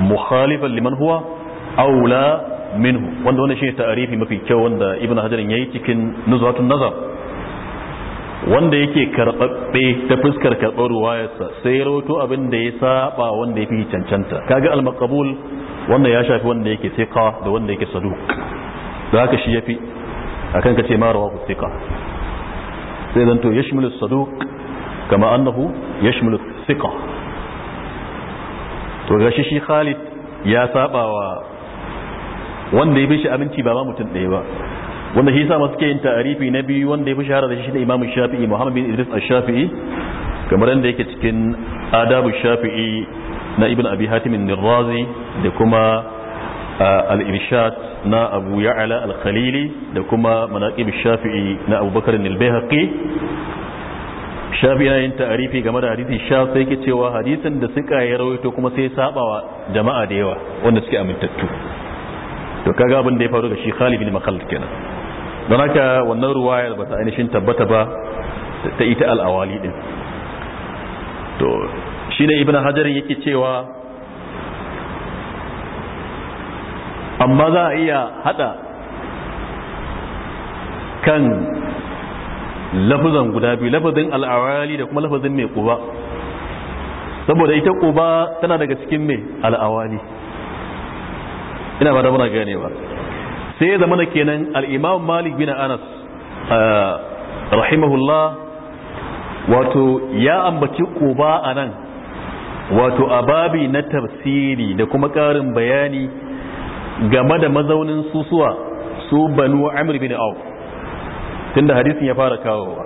mukhalifan liman huwa aula minhu wanda wani shine ta'arifi mafi kyau wanda Ibn hajar yayi cikin nuzhatun nazar wanda yake karɓaɓɓe ta fuskar karɓar ruwayarsa sai rawato abin da ya saba wanda ya fi cancanta kaga al-maqbul wanda ya shafi wanda yake thiqa da wanda yake saduq da haka shi yafi akan kace ma rawahu thiqa sai zanto yashmilu saduq kama annahu yashmilu thiqa to gashi shi Khalid ya saba wa wanda ya bi sha aminci ba ma mutum ɗaya ba wanda shi yasa masu ke yin ta'arifi na biyu wanda ya fi shahara da shi ne Imam Shafi'i Muhammad bin Idris Ash-Shafi'i kamar yadda yake cikin Adabu Shafi'i na Ibn Abi Hatim Nirrazi da kuma al-Irshad na Abu Ya'la al-Khalili da kuma Manaqib Shafi'i na Abu Bakar al-Baihaqi Shafi'i yin ta'arifi game da hadisi sha sai yake cewa hadisin da suka ya rawaito kuma sai sabawa jama'a da yawa wanda suke amintattu to kaga abin da ya faru ga shi Khalid bin Makhlad kenan don haka wannan ruwaya ba ta ainihin tabbata ba ta ita al-awali din to shine ibn hajar yake cewa amma za a iya hada kan lafazan guda biyu lafazin al'awali da kuma lafazin mai kuba saboda ita kuba tana daga cikin mai al'awali ina ba da muna ganewa sai ya zama kenan al’imam malik bin anas ah, rahimahullah wato ya ambaci a nan wato a babi na tafsiri da kuma ƙarin bayani game da mazaunin susuwa su banu amir bin auf da hadisin ya fara kawowa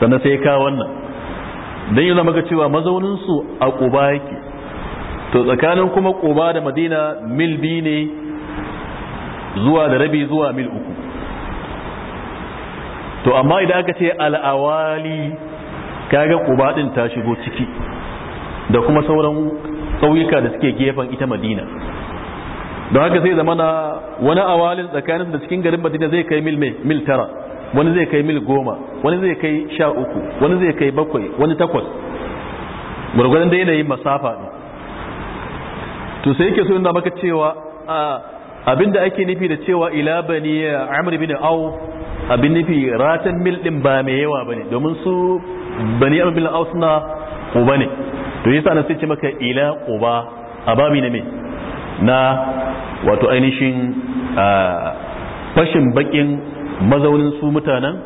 sannan sai ya kawo wannan don yi zama cewa mazauninsu a uba yake to tsakanin kuma ƙuba da madina mil biyu ne zuwa da rabi zuwa mil uku to amma idan aka ce al'awali kaga ƙuba ɗin ta shigo ciki da kuma sauran ƙauyuka da suke gefen ita madina don haka sai zamana wani awalin tsakanin da cikin garin madina zai kai mil mil tara wani zai kai mil goma wani zai kai sha uku wani zai kai bakwai wani takwas gwargwadon da yanayin masafa ne to sai yake so inda maka cewa abinda ake nufi da cewa ila bani amr bin au abin nufi ratan mil din ba mai yawa bane domin su bani amr bin au suna quba ne to yasa na sai ce maka ila quba a babi na me na wato ainihin fashin bakin mazaunin su mutanen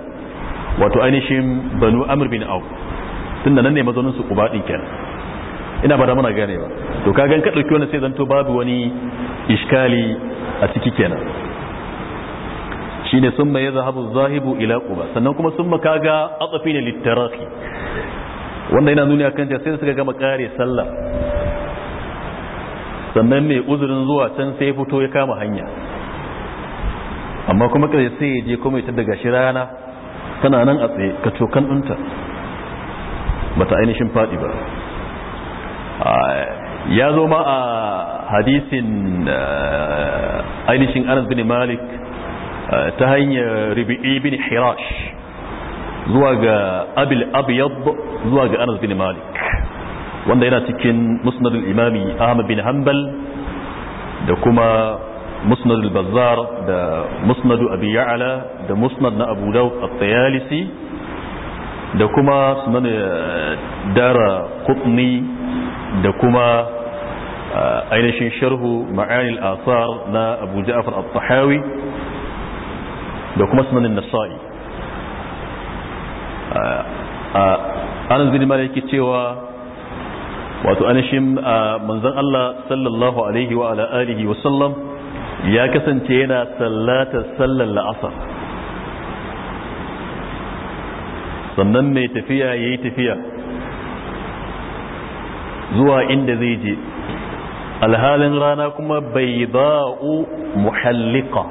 wato ainihin banu amr bin au tunda nan ne mazaunin su quba din kenan ina ba da mana gane ba to kagan ka ɗauki wani sai zanto babu wani iskali a ciki kenan shine sun ya zahabu zahibu ila quba sannan kuma summa kaga atsafi ne littarafi wanda yana nuni akan ta sai suka gama kare sallah sannan mai uzurin zuwa can sai fito ya kama hanya amma kuma kare sai ya je kuma ita daga shi rana tana nan a tsaye ka tokan ɗinta bata ainihin faɗi ba ya zo ma a hadisin ainihin anas bin malik ta hanyar ribi'i bin hirash zuwa ga abil abiyab zuwa ga anas bin malik wanda yana cikin musnadul imami ahmad bin hanbal da kuma musnadul bazzar da musnadu abi ya'ala da musnad na abu dawud at-tayalisi da kuma sunan dara qutni da kuma ainihin sharhu ma'anil asar na abu ja'afar al-tahawi da kuma sunanin nasa'i anan zini mara yake cewa wato ainihin manzan Allah sallallahu alaihi wa ala wa sallam ya kasance yana sallata sallar la'asar sannan mai tafiya ya yi tafiya zuwa inda zai je alhalin rana kuma bai ba'u muhallika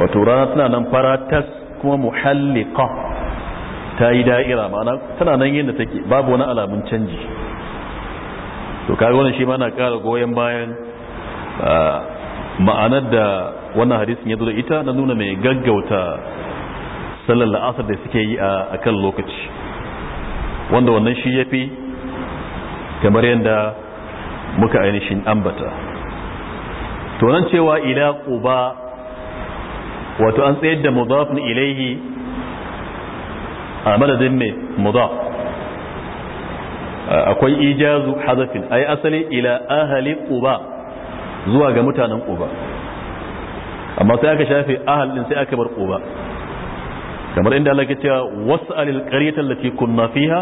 wato rana tana nan faratas kuma muhallika ta yi da'ira ma'ana tana nan yadda take babu wani alamun canji to kaga wannan shi ma na kara goyon bayan ma'anar da wannan hadisin ya zo da ita na nuna mai gaggauta sallar la'asar da suke yi a kan lokaci wanda wannan shi ya fi kamar yadda muka ainihin ambata tonan cewa ila quba wato an tsayar da mudaf ilaihi a madadin mai mudaf akwai ijazu hazafin ai asali ila ahali quba zuwa ga mutanen quba amma sai aka shafe ahal din sai aka bar quba kamar inda Allah ke cewa was'alil qaryatan allati kunna fiha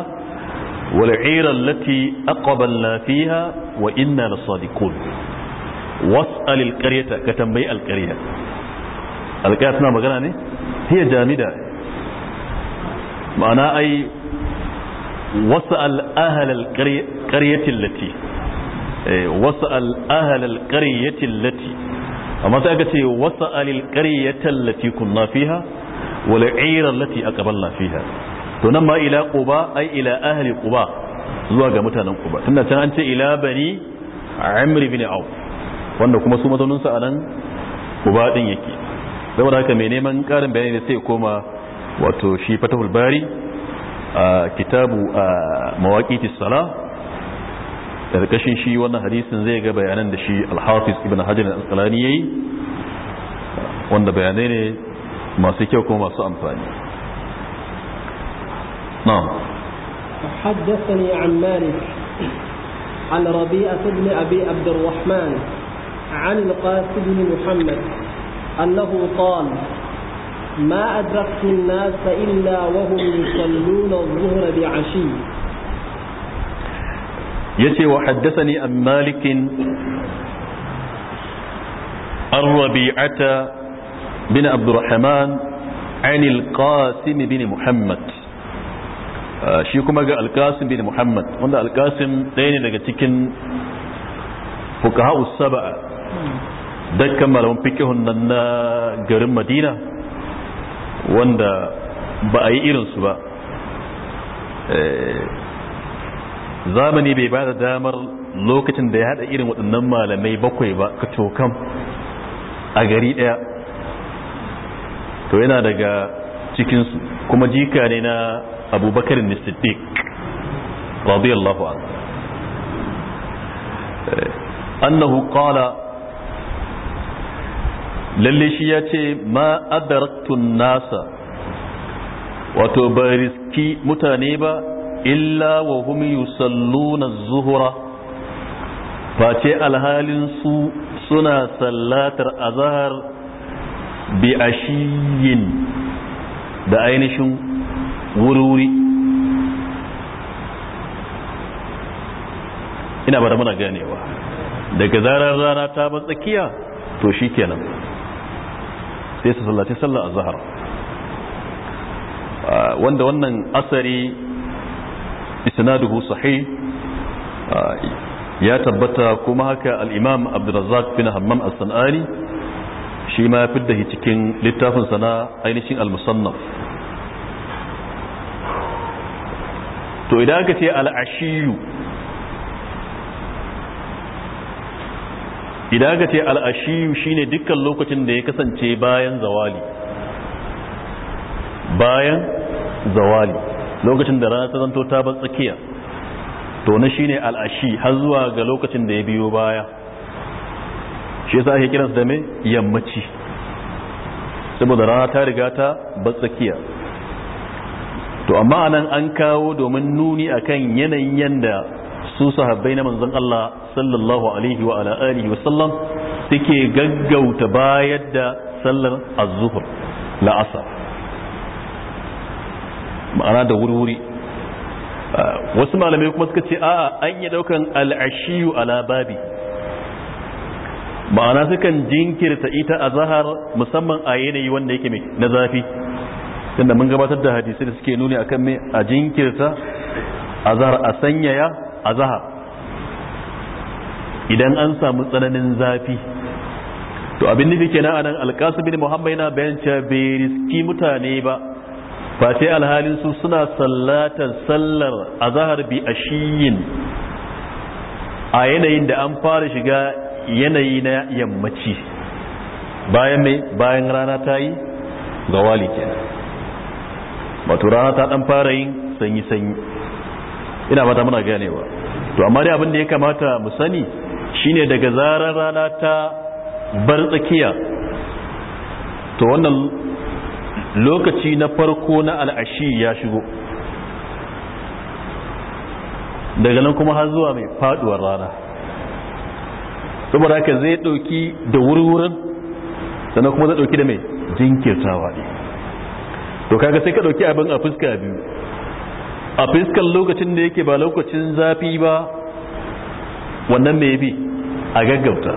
والعير التي أقبلنا فيها وإنا لصادقون واسأل القرية كتنبي القرية القرية سنة مغنى هي جامدة معنى أي واسأل أهل القرية التي إيه، واسأل أهل القرية التي أما تأكد واسأل القرية التي كنا فيها والعير التي أقبلنا فيها to nan ma ila quba ai ila ahli quba zuwa ga mutanen quba tunda can an ce ila bani amr ibn au wanda kuma su mazaunin sa anan quba din yake saboda haka mai neman karin bayani da sai koma wato shi fatahul bari a kitabu a mawaqitis sala shi wannan hadisin zai ga bayanan da shi al-hafiz ibn hajar al-asqalani yayi wanda bayanai ne masu kyau kuma masu amfani نعم حدثني عن مالك عن ربيعة بن أبي عبد الرحمن عن القاسم بن محمد أنه قال ما أدركت الناس إلا وهم يصلون الظهر بعشي يتي وحدثني عن مالك الربيعة بن عبد الرحمن عن القاسم بن محمد shi kuma ga alkasim bin muhammad wanda alkasim ɗaya ne daga cikin fukaha saba'a dukkan malaman fikihun nan na garin madina wanda ba a yi irinsu ba zamani bai ba da damar lokacin da ya haɗa irin waɗannan malamai bakwai ba ka cokam a gari ɗaya to yana daga cikinsu kuma jika ne na abubakar siddiq radiyallahu anhu annahu qala lalle shi ya ce ma adaratun nasa wato ba riski mutane ba illa wa hum yusalluna zuhura face alhalin su suna sallatar azahar bi ashiyin da ainihin wuri-wuri ina ba da ganewa daga zarar rana ta ba tsakiya to shi kenan sai su sallaci sallar azhar ah, wanda wannan asari isnaduhu sahih ah, ya tabbata kuma haka al-imam bin hammam al sanani shi ma ya fidda cikin littafin sana ainihin al-musannaf to idan aka ce al'ashiyu idan aka ce al'ashiyu shine dukkan lokacin da ya kasance bayan zawali bayan zawali lokacin da rana ta zanto ta ban tsakiya to na shine al'ashi har zuwa ga lokacin da ya biyo baya shi yasa ake kiransa da mai, yammaci saboda rana ta riga ta ban tsakiya to amma anan an kawo domin nuni akan yanayin yanda su sahabbai na manzon Allah sallallahu alaihi wa ala alihi wa sallam suke gaggauta bayar da sallar az-zuhr la asar ma'ana da wuri-wuri ah, wasu malamai kuma suka ce a'a an yi daukan al'ashiyu ala babi ma'ana sukan jinkirta ita a zahar musamman a yanayi wanda yake mai na zafi tunda mun gabatar da hadisai da suke nuni akan mai a jinkirta azhar a sanyaya azhar idan an samu tsananin zafi to abin nufi kenan anan alkasu bin muhammad yana bayan cewa bai riski mutane ba ba sai alhalin su suna sallatar sallar azhar bi ashiyin a yanayin da an fara shiga yanayi na yammaci bayan mai bayan rana ta yi ga wali kenan wato rana ta dan fara yin sanyi sanyi ina mata muna ganewa to amma dai abin da ya kamata mu sani shine daga zarar rana ta bar tsakiya to wannan lokaci na farko na al'ashi ya shigo daga nan kuma har zuwa mai faduwar rana saboda haka zai dauki da wurwurin sannan kuma zai dauki da mai jinkirtawa ne to kaga sai ka dauki abin a fuska biyu a fuskan lokacin da yake ba lokacin zafi ba wannan mai bi a gaggauta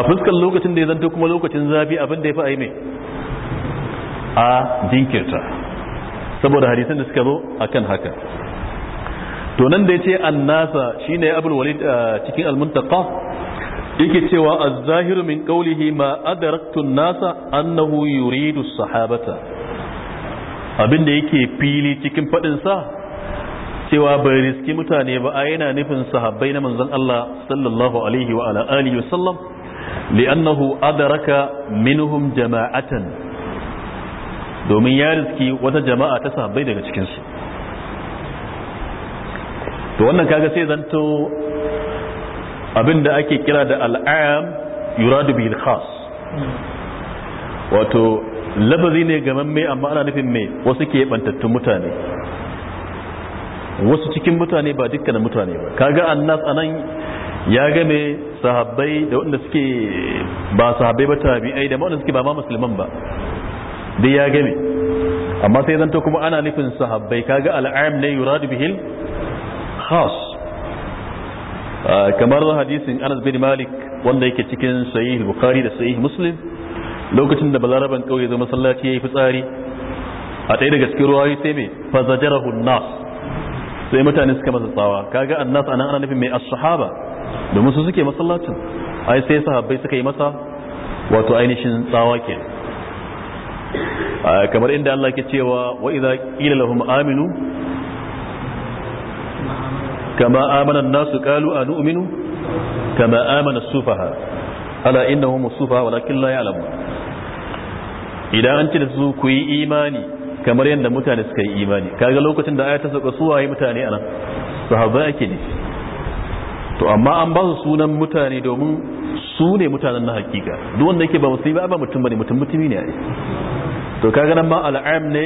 a fuskan lokacin da ya zanto kuma lokacin zafi abin da ya fi a yi a jinkirta saboda hadisan da suka zo akan haka to nan da ya ce shi shine abul walid cikin almuntaka yake cewa az min qawlihi ma adraktu an-nasa annahu yuridu as-sahabata abin da yake fili cikin fadin sa cewa bai riski mutane ba a yana nufin sahabbai na manzon Allah sallallahu alaihi wa ala alihi wa sallam li'annahu adraka minhum jama'atan domin ya riski wata jama'a ta sahabbai daga cikin su to wannan kaga sai zanto Abin da ake kira da al'am yuradu bil khas wato labazi ne gaman mai amma ana nufin mai wasu ke bantattun mutane wasu cikin mutane ba dukkan mutane ba kaga annas anan ya game sahabbai da wanda suke ba sahabbai ba tabi'ai da wanda suke ba ma musulman ba Da ya game amma sai zanto kuma ana nufin sahabbai kaga al'am ne yuradu bihil khas Ah, kamar hadisin Anas bin Malik wanda yake cikin sahih Bukhari da sahih Muslim lokacin da balaraban kauye zo masallaci yayi fitsari a ɗaya daga cikin ruwayoyi sai me fazajarahu nas sai mutane suka masa tsawa kaga annas anan ana nufin mai as-sahaba domin su suke masallacin ai sai sahabbai suka yi masa wato ainihin tsawa ke ah, kamar inda Allah ke cewa wa idza qila lahum aminu kama amana an-nasu qalu anu'minu kama amana sufaha ala innahum as-sufaha walakin la ya'lamun idan an ce da su ku yi imani kamar yadda mutane suka imani kaga lokacin da aya ta sauka su waye mutane ake to amma an ba su sunan mutane domin su ne mutanen na hakika duk wanda yake ba musulmi ba mutum bane mutum mutumi ne to kaga nan ma al'am ne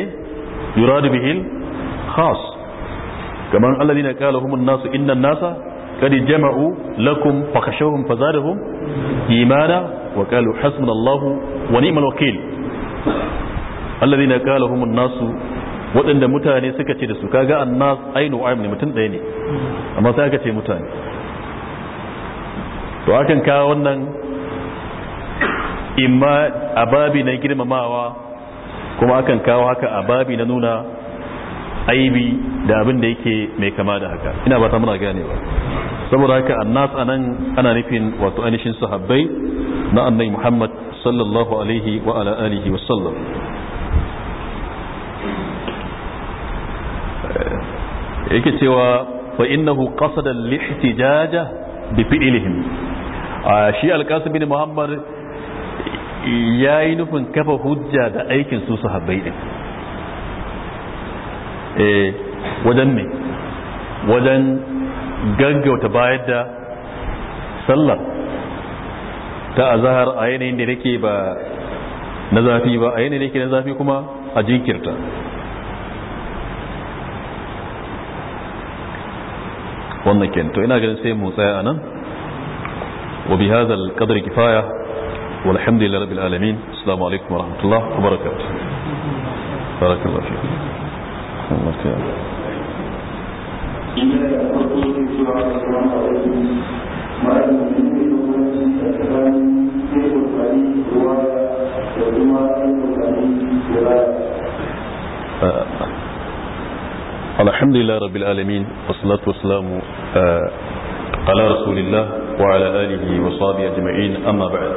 yuradu bihil khas kamar alladhina qala humun nasu innan nasa qad jama'u lakum fakashawhum fazadahum imana wa qalu hasbunallahu wa ni'mal wakeel alladhina qala humun nasu waɗanda mutane suka ce da su ga annas ainu aim ne mutum ɗaya ne amma sai aka ce mutane to hakan wannan a babi na girmamawa kuma akan kawo haka a babi na nuna aibi da abin da yake mai kama da haka ina ba ta muna ganewa saboda haka annas anan ana nufin wato ainihin sahabbai na annabi Muhammad sallallahu alaihi wa ala alihi wa sallam yake cewa fa innahu qasada al-ihtijaja bi fi'lihim shi al-qasim bin Muhammad yayi nufin kafa hujja da aikin su sahabbai din Eh, wajen me wajen gaggauta bayar da sallar ta a zahar a yanayin da yake ba na zafi ba a yanayin da yake na zafi kuma a jinkirta wannan ken to ina ganin sai mu tsaya a nan wa bi hadha al-qadr kifaya walhamdulillahi rabbil alamin assalamu alaikum wa rahmatullahi wa barakatuh barakallahu fiik الحمد لله رب العالمين والصلاة والسلام على رسول الله وعلى آله وصحبه أجمعين أما بعد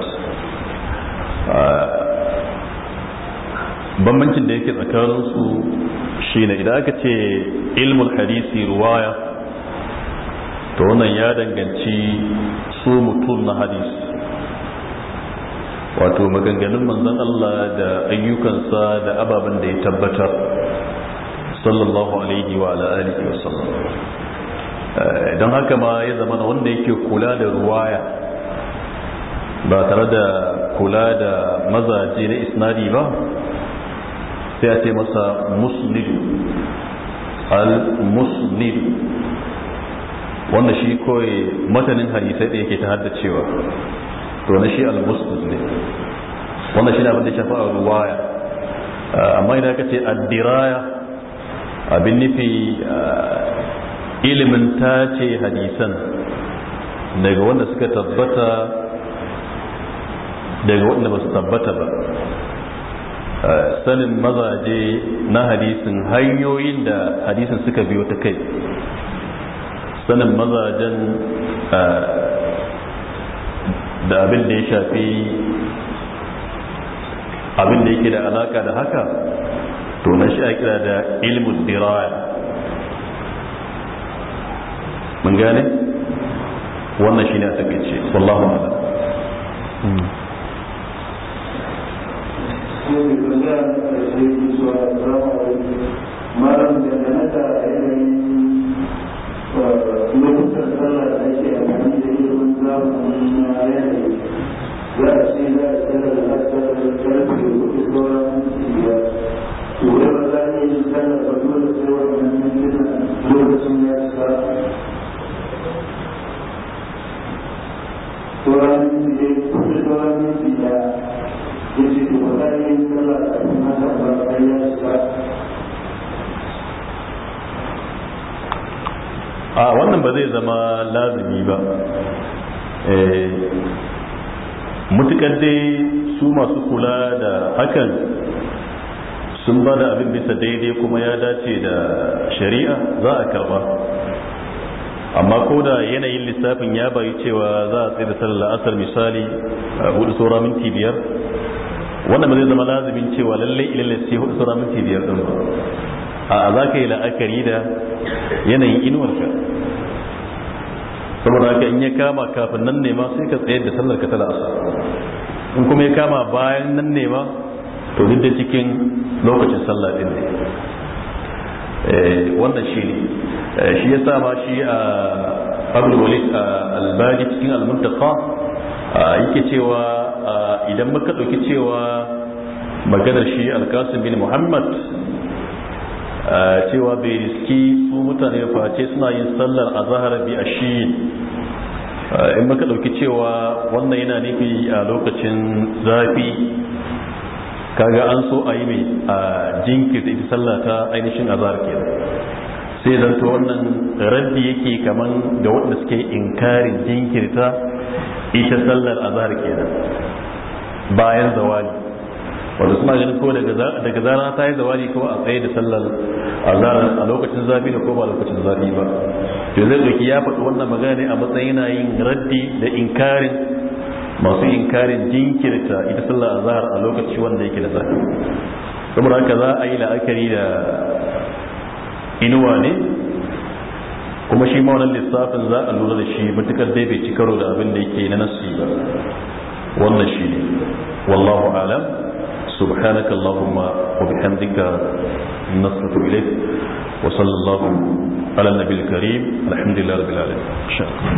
bambancin da yake tsakaninsu shine idan aka ce ilmul hadisi ruwaya to wannan ya danganci su mutum na hadisi wato maganganun manzan Allah da ayyukansa da ababen da ya tabbatar sallallahu alaihi wa alihi wa sallam eh, don haka ma ya zama wanda yake kula da ruwaya ba tare da kula da mazaje na isnadi ba sai a ce masa muslidu al-muslidu wanda shi koyi matanin hadisai da yake ta haddacewa to na shi al-muslim ne wanda shi na abin shafa a ruwaya amma idan ka ce addiraya abin nufi eh, ilimin ta ce hadisan daga wanda suka tabbata daga wanda ba su tabbata ba sanin mazaje na hadisin hanyoyin da hadisin suka biyo ta kai sanin mazajen da abin da ya shafi abin da yake da alaka da haka to na shi kira da ilmin diraya mun gane wannan shi ne a takaice wallahu ala. Hmm. shi ne kuma da shi ke cewa zama a wani malam dangane da yanayin lokutan sallah da ake amfani da ilimin zamani na yanayi za a ce za a tsara da lafiyar karfe hudu sauran biyar to ba za a yi tana ba dole sai wannan mintuna lokacin ya sa sauran minti ne sauran minti A'a, a wannan ba zai zama lazumi ba eh, mutukar dai su masu kula da hakan sun ba da abin bisa daidai kuma ya dace da shari'a za a karba amma ko da yanayin lissafin ya bayi cewa za a tsaye da sallar asar misali a hudu saura minti biyar wannan ba zai zama lazumin cewa lalle ilalle sai hudu sura minti biyar din ba a za ka yi la'akari da yanayin inuwarka saboda haka in ya kama kafin nan ne sai ka tsayar da sallar ka ta la'asa in kuma ya kama bayan nan ne ma to duk da cikin lokacin sallah din ne eh, wannan shi ne eh, shi ya sa ma shi a ah, abul walid ah, albani cikin almuntaka yake cewa idan muka ɗauki cewa maganar shi alkasim bin muhammad cewa bai riski su mutane face suna yin sallar a bi a shi in muka ɗauki cewa wannan yana nufi a lokacin zafi kaga an so a yi mai a jinkirta ita sallah ta ainihin azhar kenan sai zanto wannan rabbi yake kaman da waɗanda suke inkarin jinkirta ita sallar azhar kenan bayan zawali wanda suna ganin ko daga zara ta yi zawali ko a tsaye da sallar azhar a lokacin zafi da ko ba lokacin zafi ba to zai doki ya faɗi wannan magana ne a matsayin na yin raddi da inkarin masu inkarin jinkirta ita sallar azhar a lokaci wanda yake da zafi saboda haka za a yi la'akari da inuwa ne kuma shi ma wannan lissafin za a lura da shi matukar dai bai ci karo da abin da yake na nasi ba wannan shi ne wallahu alam subhanaka allahumma wa bihamdika nasratu ilayk wa sallallahu ala nabiyil karim alhamdulillahi rabbil alamin